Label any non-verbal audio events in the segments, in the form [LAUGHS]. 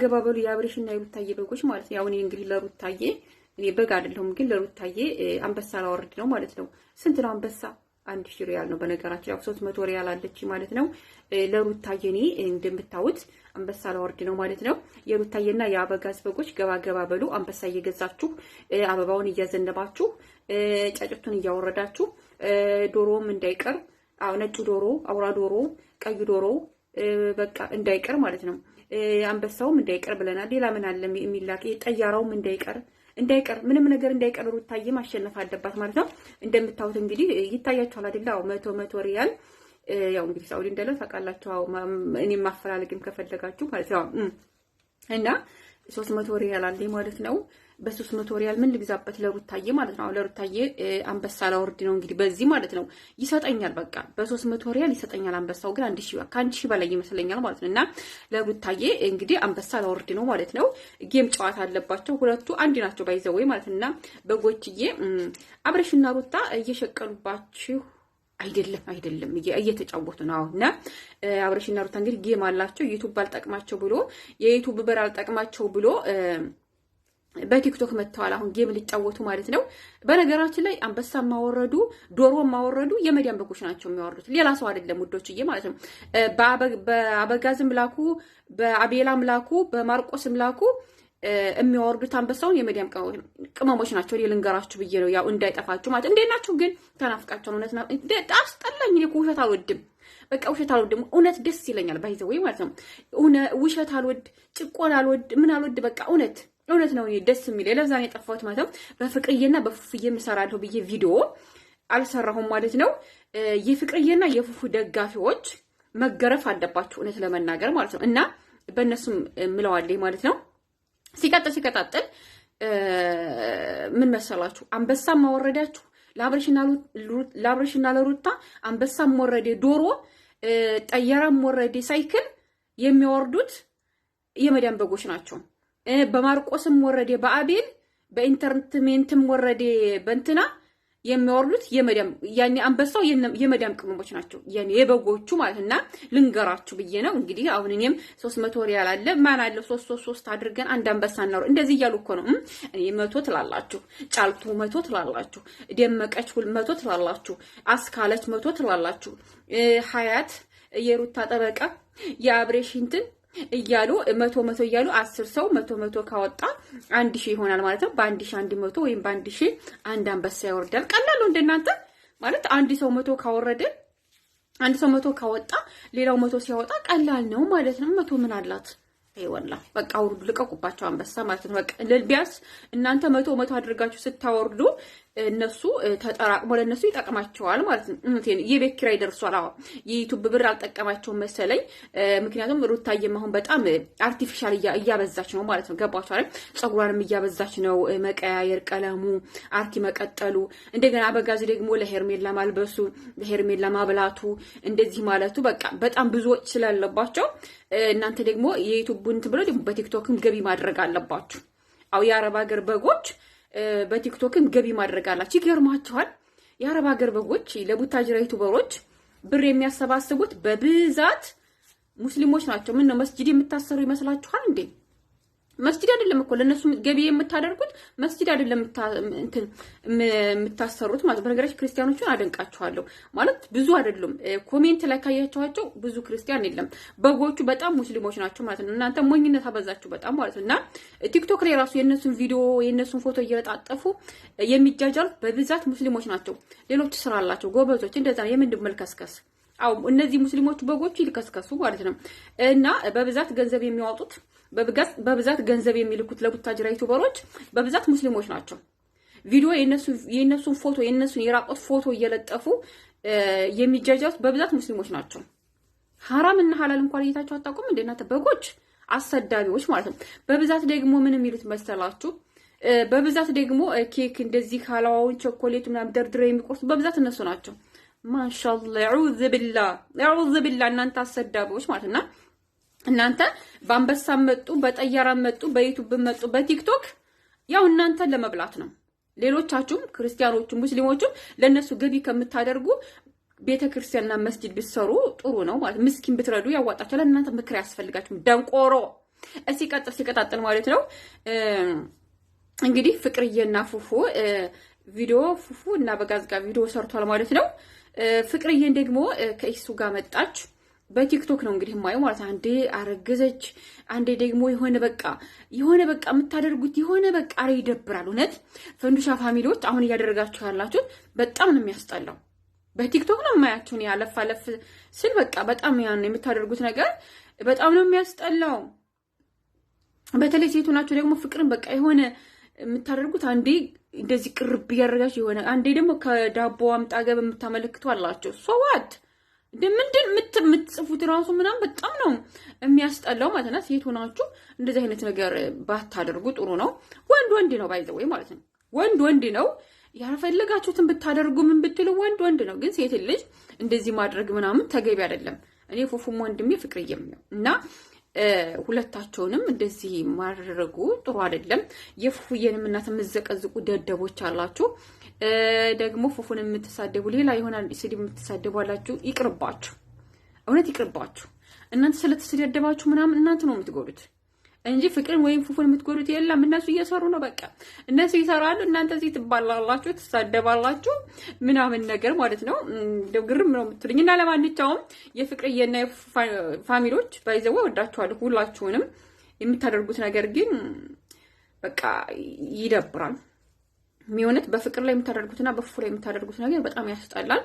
አገባበሉ የአብሬሽና የሩታዬ በጎች ማለት ነው። ያው እኔ እንግዲህ ለሩታዬ እኔ በግ አይደለሁም፣ ግን ለሩታዬ አንበሳ ላወርድ ነው ማለት ነው። ስንት ነው አንበሳ? አንድ ሺ ሪያል ነው በነገራችን፣ ያው ሶስት መቶ ሪያል አለች ማለት ነው። ለሩታዬ እኔ እንደምታዩት አንበሳ ላወርድ ነው ማለት ነው። የሩታዬና የአበጋዝ በጎች ገባ ገባ በሉ። አንበሳ እየገዛችሁ አበባውን እያዘነባችሁ ጫጭቱን እያወረዳችሁ ዶሮም እንዳይቀር ነጩ ዶሮ፣ አውራ ዶሮ፣ ቀይ ዶሮ በቃ እንዳይቀር ማለት ነው። አንበሳውም እንዳይቀር ብለናል። ሌላ ምን አለ የሚላክ ጠያራውም እንዳይቀር እንዳይቀር ምንም ነገር እንዳይቀር ሩታዬ ማሸነፍ አለባት ማለት ነው። እንደምታዩት እንግዲህ ይታያችኋል አይደል? አዎ መቶ መቶ ሪያል ያው እንግዲህ ሳውዲ እንዳለው ታውቃላችሁ። አዎ እኔም ማፈላለግም ከፈለጋችሁ ማለት ነው እና ሶስት መቶ ሪያል አለ ማለት ነው። በሶስት መቶ ሪያል ምን ልግዛበት ለሩታዬ ማለት ነው። ለሩታዬ አንበሳ ላወርድ ነው እንግዲህ በዚህ ማለት ነው። ይሰጠኛል በቃ በሶስት መቶ ሪያል ይሰጠኛል። አንበሳው ግን አንድ ሺ ከአንድ ሺ በላይ ይመስለኛል ማለት ነው። እና ለሩታዬ እንግዲህ አንበሳ ላወርድ ነው ማለት ነው። ጌም ጨዋታ አለባቸው ሁለቱ አንድ ናቸው ባይዘወይ ማለት ነው። እና በጎችዬ አብረሽና ሩታ እየሸቀሉባችሁ አይደለም አይደለም፣ እየተጫወቱ ነው አሁን። አብረሽና ሩታ እንግዲህ ጌም አላቸው። ዩቱብ አልጠቅማቸው ብሎ የዩቱብ በር አልጠቅማቸው ብሎ በቲክቶክ መጥተዋል። አሁን ጌም ሊጫወቱ ማለት ነው። በነገራችን ላይ አንበሳ ማወረዱ ዶሮ ማወረዱ የመዲያን በጎች ናቸው የሚያወርዱት፣ ሌላ ሰው አይደለም ውዶችዬ ማለት ነው። በአበጋዝ ምላኩ፣ በአቤላ ምላኩ፣ በማርቆስ ምላኩ የሚያወርዱት አንበሳውን የመዲያም ቅመሞች ናቸው። ልንገራችሁ ብዬ ነው ያው እንዳይጠፋችሁ ማለት። እንዴት ናችሁ ግን? ተናፍቃችሁ እውነት አስጠላኝ። እኔ ውሸት አልወድም። በቃ ውሸት አልወድም። እውነት ደስ ይለኛል። ባይዘ ወይ ማለት ነው። ውሸት አልወድ፣ ጭቆን አልወድ፣ ምን አልወድ። በቃ እውነት እውነት ነው ደስ የሚል ለብዛ ነው የጠፋሁት ማለት ነው። በፍቅርዬና በፉፉዬ የምሰራለሁ ብዬ ቪዲዮ አልሰራሁም ማለት ነው። የፍቅርዬና የፉፉ ደጋፊዎች መገረፍ አለባቸው እውነት ለመናገር ማለት ነው። እና በእነሱም ምለዋለኝ ማለት ነው። ሲቀጥል ሲቀጣጥል ምን መሰላችሁ አንበሳ ማወረዳችሁ ለአብረሽና ለሩታ አንበሳም ወረዴ፣ ዶሮ ጠየራም ወረዴ፣ ሳይክል የሚያወርዱት የመዳን በጎች ናቸው። በማርቆስም ወረዴ በአቤል በኢንተርቴንመንትም ወረዴ በእንትና የሚወርዱት የመዳም ያኔ አንበሳው የመዳም ቅመሞች ናቸው። ያኔ የበጎቹ ማለት እና ልንገራችሁ ብዬ ነው እንግዲህ። አሁን እኔም ሶስት መቶ ሪያል አለ ማን አለ ሶስት ሶስት ሶስት አድርገን አንድ አንበሳ እናሩ እንደዚህ እያሉ እኮ ነው። እኔ መቶ ትላላችሁ፣ ጫልቱ መቶ ትላላችሁ፣ ደመቀች ሁል መቶ ትላላችሁ፣ አስካለች መቶ ትላላችሁ፣ ሀያት የሩታ ጠበቃ የአብሬሽንትን እያሉ መቶ መቶ እያሉ አስር ሰው መቶ መቶ ካወጣ አንድ ሺህ ይሆናል ማለት ነው። በአንድ ሺህ አንድ መቶ ወይም በአንድ ሺህ አንድ አንበሳ ያወርዳል። ቀላሉ እንደናንተ ማለት አንድ ሰው መቶ ካወረደ አንድ ሰው መቶ ካወጣ ሌላው መቶ ሲያወጣ ቀላል ነው ማለት ነው። መቶ ምን አላት ይወላ በቃ አውርዱ፣ ልቀቁባቸው አንበሳ ማለት ነው። በቃ ቢያንስ እናንተ መቶ መቶ አድርጋችሁ ስታወርዱ እነሱ ተጠራቅሞ ለእነሱ ይጠቅማቸዋል ማለት ነው። የቤት ኪራይ ደርሷል። አዎ የዩቱብ ብር አልጠቀማቸውም መሰለኝ። ምክንያቱም ሩታዬም አሁን በጣም አርቲፊሻል እያበዛች ነው ማለት ነው። ገባቸው ፀጉሯንም እያበዛች ነው። መቀያየር፣ ቀለሙ፣ አርቲ መቀጠሉ፣ እንደገና አበጋዚ ደግሞ ለሄርሜላ ማልበሱ፣ ለሄርሜላ ማብላቱ፣ እንደዚህ ማለቱ በቃ በጣም ብዙዎች ስላለባቸው እናንተ ደግሞ የዩቱቡን ብሎ ደግሞ በቲክቶክም ገቢ ማድረግ አለባችሁ። አው የአረብ ሀገር በጎች በቲክቶክም ገቢ ማድረግ አላችሁ። ይገርማችኋል። የአረብ ሀገር በጎች ለቡታጅራ ዩቱበሮች ብር የሚያሰባስቡት በብዛት ሙስሊሞች ናቸው። ምን ነው መስጂድ የምታሰሩ ይመስላችኋል እንዴ? መስጂድ አይደለም እኮ ለእነሱ ገቢ የምታደርጉት መስጂድ አይደለም የምታሰሩት ማለት። በነገራችን ክርስቲያኖቹን አደንቃችኋለሁ ማለት ብዙ አይደሉም። ኮሜንት ላይ ካያችኋቸው ብዙ ክርስቲያን የለም። በጎቹ በጣም ሙስሊሞች ናቸው ማለት ነው። እናንተ ሞኝነት አበዛችሁ በጣም ማለት ነው። እና ቲክቶክ ላይ ራሱ የእነሱን ቪዲዮ የእነሱን ፎቶ እየለጣጠፉ የሚጃጃሉት በብዛት ሙስሊሞች ናቸው። ሌሎች ስራ አላቸው ጎበዞች። እንደዛ የምንድን መልከስከስ አው እነዚህ ሙስሊሞች በጎቹ ይልከስከሱ ማለት ነው። እና በብዛት ገንዘብ የሚያወጡት በብዛት ገንዘብ የሚልኩት ለቡታጅራ ዩቱበሮች በብዛት ሙስሊሞች ናቸው። ቪዲዮ የእነሱን ፎቶ የእነሱን የራቆት ፎቶ እየለጠፉ የሚጃጃት በብዛት ሙስሊሞች ናቸው። ሀራም እና ሀላል እንኳን እየታቸው አታውቁም። እንደናንተ በጎች አሰዳቢዎች ማለት ነው። በብዛት ደግሞ ምን የሚሉት መሰላችሁ? በብዛት ደግሞ ኬክ እንደዚህ ሀላዋውን ቸኮሌት ምናምን ደርድረው የሚቆርሱ በብዛት እነሱ ናቸው። ማንሻላ ዑዝ ብላ ዑዝ ብላ እናንተ አሰዳቢዎች ማለት እና እናንተ በአንበሳ መጡ፣ በጠያራ መጡ፣ በዩቱብ መጡ፣ በቲክቶክ ያው እናንተ ለመብላት ነው። ሌሎቻችሁም ክርስቲያኖቹም ሙስሊሞቹም ለእነሱ ገቢ ከምታደርጉ ቤተ ክርስቲያንና መስጂድ ብትሰሩ ጥሩ ነው ማለት ምስኪን ብትረዱ ያዋጣችኋል። እናንተ ምክር ያስፈልጋችሁ ደንቆሮ። ሲቀጥል ሲቀጣጥል ማለት ነው እንግዲህ ፍቅርዬና ፉፉ ቪዲዮ ፉፉ እና በጋዝ ጋር ቪዲዮ ሰርቷል ማለት ነው። ፍቅርዬን ደግሞ ከኢሱ ጋር መጣች። በቲክቶክ ነው እንግዲህ የማየው ማለት አንዴ አረገዘች፣ አንዴ ደግሞ የሆነ በቃ የሆነ በቃ የምታደርጉት የሆነ በቃ ኧረ ይደብራል። እውነት ፈንዱሻ ፋሚሊዎች አሁን እያደረጋችሁ ያላችሁት በጣም ነው የሚያስጠላው። በቲክቶክ ነው የማያችሁን ያለፍ አለፍ ስል በቃ በጣም ያን የምታደርጉት ነገር በጣም ነው የሚያስጠላው። በተለይ ሴቱ ናቸው ደግሞ ፍቅርን በቃ የሆነ የምታደርጉት አንዴ እንደዚህ ቅርብ እያደረጋችሁ የሆነ አንዴ ደግሞ ከዳቦ አምጣ ገብ የምታመለክቱ አላቸው። ሶዋት ምንድን የምትጽፉት ራሱ ምናምን በጣም ነው የሚያስጠላው ማለት ነው። ሴት ሆናችሁ እንደዚህ አይነት ነገር ባታደርጉ ጥሩ ነው። ወንድ ወንድ ነው ባይዘ ወይ ማለት ነው። ወንድ ወንድ ነው ያልፈለጋችሁትን ብታደርጉ ምን ብትሉ ወንድ ወንድ ነው። ግን ሴት ልጅ እንደዚህ ማድረግ ምናምን ተገቢ አይደለም። እኔ ፉፉም ወንድሜ ፍቅርዬም ነው እና ሁለታቸውንም እንደዚህ ማድረጉ ጥሩ አይደለም። የፉፉዬንም እናት የምዘቀዝቁ ደደቦች አላችሁ። ደግሞ ፉፉን የምትሳደቡ ሌላ የሆነ ስድብ የምትሳደቡ አላችሁ። ይቅርባችሁ፣ እውነት ይቅርባችሁ። እናንተ ስለተሰዳደባችሁ ምናምን እናንተ ነው የምትጎዱት። እንጂ ፍቅርን ወይም ፉፉን የምትጎዱት የለም። እነሱ እየሰሩ ነው። በቃ እነሱ ይሰራሉ፣ እናንተ እዚህ ትባላላችሁ፣ ትሳደባላችሁ ምናምን ነገር ማለት ነው። እንደው ግርም ነው የምትሉኝ እና ለማንኛውም የና ፋሚሎች ባይዘዋ ወዳችኋለሁ ሁላችሁንም። የምታደርጉት ነገር ግን በቃ ይደብራል። የሚሆነት በፍቅር ላይ የምታደርጉትና በፉፉ ላይ የምታደርጉት ነገር በጣም ያስጠላል።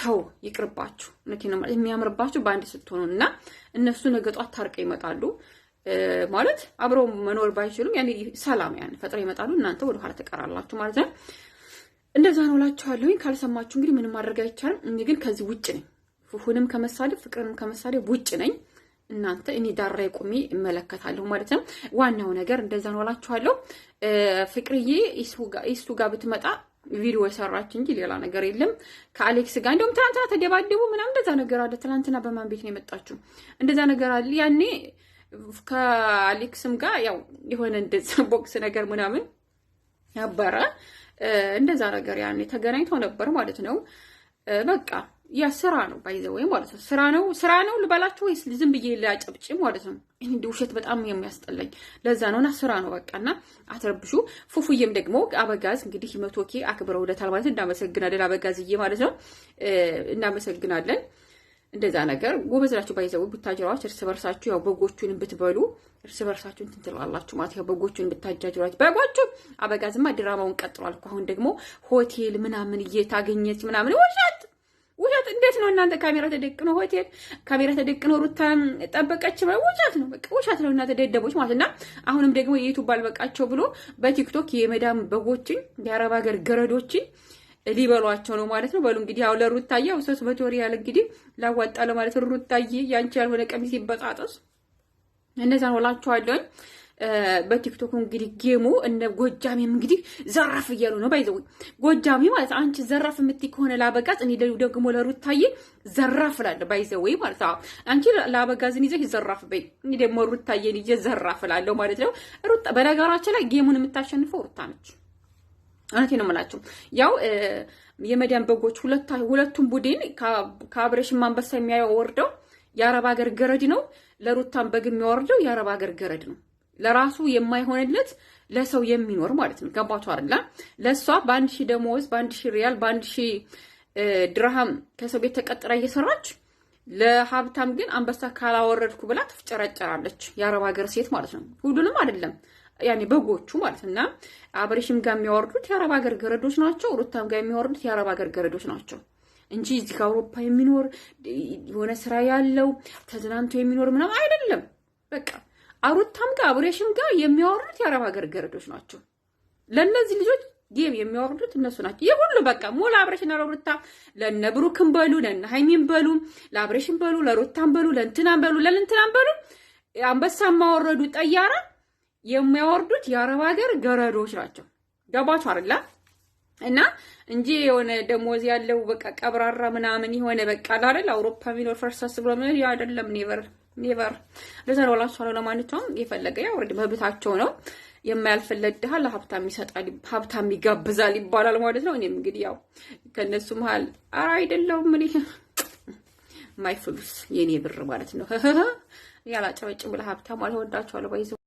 ተው ይቅርባችሁ። እውነቴን ነው። የሚያምርባችሁ በአንድ ስትሆኑ እና እነሱ ነገ ጧት ታርቀው ይመጣሉ። ማለት አብረው መኖር ባይችሉም ያኔ ሰላም ያን ፈጥሮ ይመጣሉ። እናንተ ወደኋላ ትቀራላችሁ ማለት ነው። እንደዛ ነው እላችኋለሁኝ። ካልሰማችሁ እንግዲህ ምንም ማድረግ አይቻልም። እኔ ግን ከዚህ ውጭ ነኝ። ሁንም ከመሳደብ ፍቅርንም ከመሳደብ ውጭ ነኝ። እናንተ እኔ ዳራ ቆሜ እመለከታለሁ ማለት ነው። ዋናው ነገር እንደዛ ነው እላችኋለሁ። ፍቅርዬ እሱ ጋር ብትመጣ ቪዲዮ የሰራች እንጂ ሌላ ነገር የለም። ከአሌክስ ጋር እንደውም ትናንትና ተደባደቡ ምናምን እንደዛ ነገር አለ። ትናንትና በማን ቤት ነው የመጣችሁ? እንደዛ ነገር አለ ያኔ ከአሌክስም ጋር ያው የሆነ እንደዚ [LAUGHS] ቦክስ ነገር ምናምን ነበረ እንደዛ ነገር ያኔ ተገናኝተው ነበር ማለት ነው። በቃ ያ ስራ ነው ባይዘ ወይ ማለት ነው። ስራ ነው ስራ ነው ልበላችሁ ወይስ ዝም ብዬ ላጨብጭ ማለት ነው። እንዲ ውሸት በጣም የሚያስጠላኝ ለዛ ነው። ነውና ስራ ነው በቃ እና አትረብሹ። ፉፉዬም ደግሞ አበጋዝ እንግዲህ መቶ ኬ አክብረውለታል ማለት እንዳመሰግናለን። አበጋዝዬ ማለት ነው እናመሰግናለን። እንደዛ ነገር ጎበዝ ናችሁ። ባይዘው እርስ በርሳችሁ ያው በጎቹን ብትበሉ እርስ በርሳችሁን ትንትላላችሁ ማለት ያው በጎቹን ብታጃጅሯችሁ። በጎቹ አበጋዝማ ድራማውን ቀጥሏል አሁን ደግሞ ሆቴል ምናምን እየታገኘች ምናምን ውሸት ውሸት። እንዴት ነው እናንተ ካሜራ ተደቅኖ ሆቴል ካሜራ ተደቅኖ ሩታ ጠበቀች ውሸት ነው። በቃ ውሸት ነው እናንተ ደደቦች ማለት እና አሁንም ደግሞ የዩቱብ አልበቃቸው ብሎ በቲክቶክ የመዳም በጎችን የአረብ ሀገር ገረዶችን ሊበሏቸው ነው ማለት ነው። በሉ እንግዲህ ያው ለሩታዬ ያው ሶስት መቶ ሪያል እንግዲህ ላዋጣ ለማለት ነው። ሩታዬ ያንቺ ያልሆነ ቀሚስ ይበጣጠስ እነዛን ነው ላችኋለሁኝ። በቲክቶክ እንግዲህ ጌሙ እነ ጎጃሜም እንግዲህ ዘራፍ እያሉ ነው። ባይዘው ጎጃሜ ማለት አንቺ ዘራፍ የምትይ ከሆነ ላበጋዝ፣ እኔ ደግሞ ለሩታዬ ዘራፍ እላለሁ። ባይዘው ማለት አዎ፣ አንቺ ላበጋዝን ይዘሽ ዘራፍ በይ፣ እኔ ደግሞ ሩታዬን ይዤ ዘራፍ እላለሁ ማለት ነው። ሩታ በነገራችን ላይ ጌሙን የምታሸንፈው ሩታ ነች። እውነቴ ነው የምላቸው ያው የመዲያን በጎች ሁለቱም ቡድን ከአብሬሽን አንበሳ የሚያወርደው የአረብ ሀገር ገረድ ነው። ለሩታን በግ የሚያወርደው የአረብ ሀገር ገረድ ነው። ለራሱ የማይሆንለት ለሰው የሚኖር ማለት ነው። ገባቱ አይደለ? ለእሷ በአንድ ሺህ ደሞዝ በአንድ ሺህ ሪያል በአንድ ሺህ ድርሃም ከሰው ቤት ተቀጥራ እየሰራች ለሀብታም ግን አንበሳ ካላወረድኩ ብላ ትፍጨረጨራለች። የአረብ ሀገር ሴት ማለት ነው። ሁሉንም አይደለም ያኔ በጎቹ ማለት እና አብሬሽም ጋር የሚያወርዱት የአረብ ሀገር ገረዶች ናቸው። ሩታም ጋር የሚያወርዱት የአረብ ሀገር ገረዶች ናቸው እንጂ እዚህ ከአውሮፓ የሚኖር የሆነ ስራ ያለው ተዝናንቶ የሚኖር ምናምን አይደለም። በቃ አሩታም ጋር አብሬሽም ጋር የሚያወርዱት የአረብ ሀገር ገረዶች ናቸው። ለእነዚህ ልጆች ጌም የሚያወርዱት እነሱ ናቸው። ይህ ሁሉ በቃ ሞላ አብሬሽና ለሩታ ለነ ብሩክን በሉ ለነ ሀይሚን በሉ ለአብሬሽን በሉ ለሩታን በሉ ለእንትናም በሉ ለእንትናም በሉ አንበሳ ማወረዱ ጠያራ የሚያወርዱት የአረብ ሀገር ገረዶች ናቸው። ገባችሁ አይደለ? እና እንጂ የሆነ ደሞዝ ያለው በቃ ቀብራራ ምናምን የሆነ በቃ አይደል አውሮፓ የሚኖር ፈርሳስ ብሎ ምን አይደለም። ኔቨር ኔቨር ለዛ ነው ነው። ለማንኛውም የፈለገ ያውርድ፣ መብታቸው ነው። የማያልፈለት ድሃ ለሀብታም ይሰጣል፣ ሀብታም ይጋብዛል ይባላል ማለት ነው። እኔም እንግዲህ ያው ከነሱ መሀል ኧረ አይደለሁም እኔ [LAUGHS] ማይፍሉስ የኔ ብር ማለት ነው። [LAUGHS] ያላጨበጭ ብለ ሀብታም አልወዳቸዋለሁ ባይዘው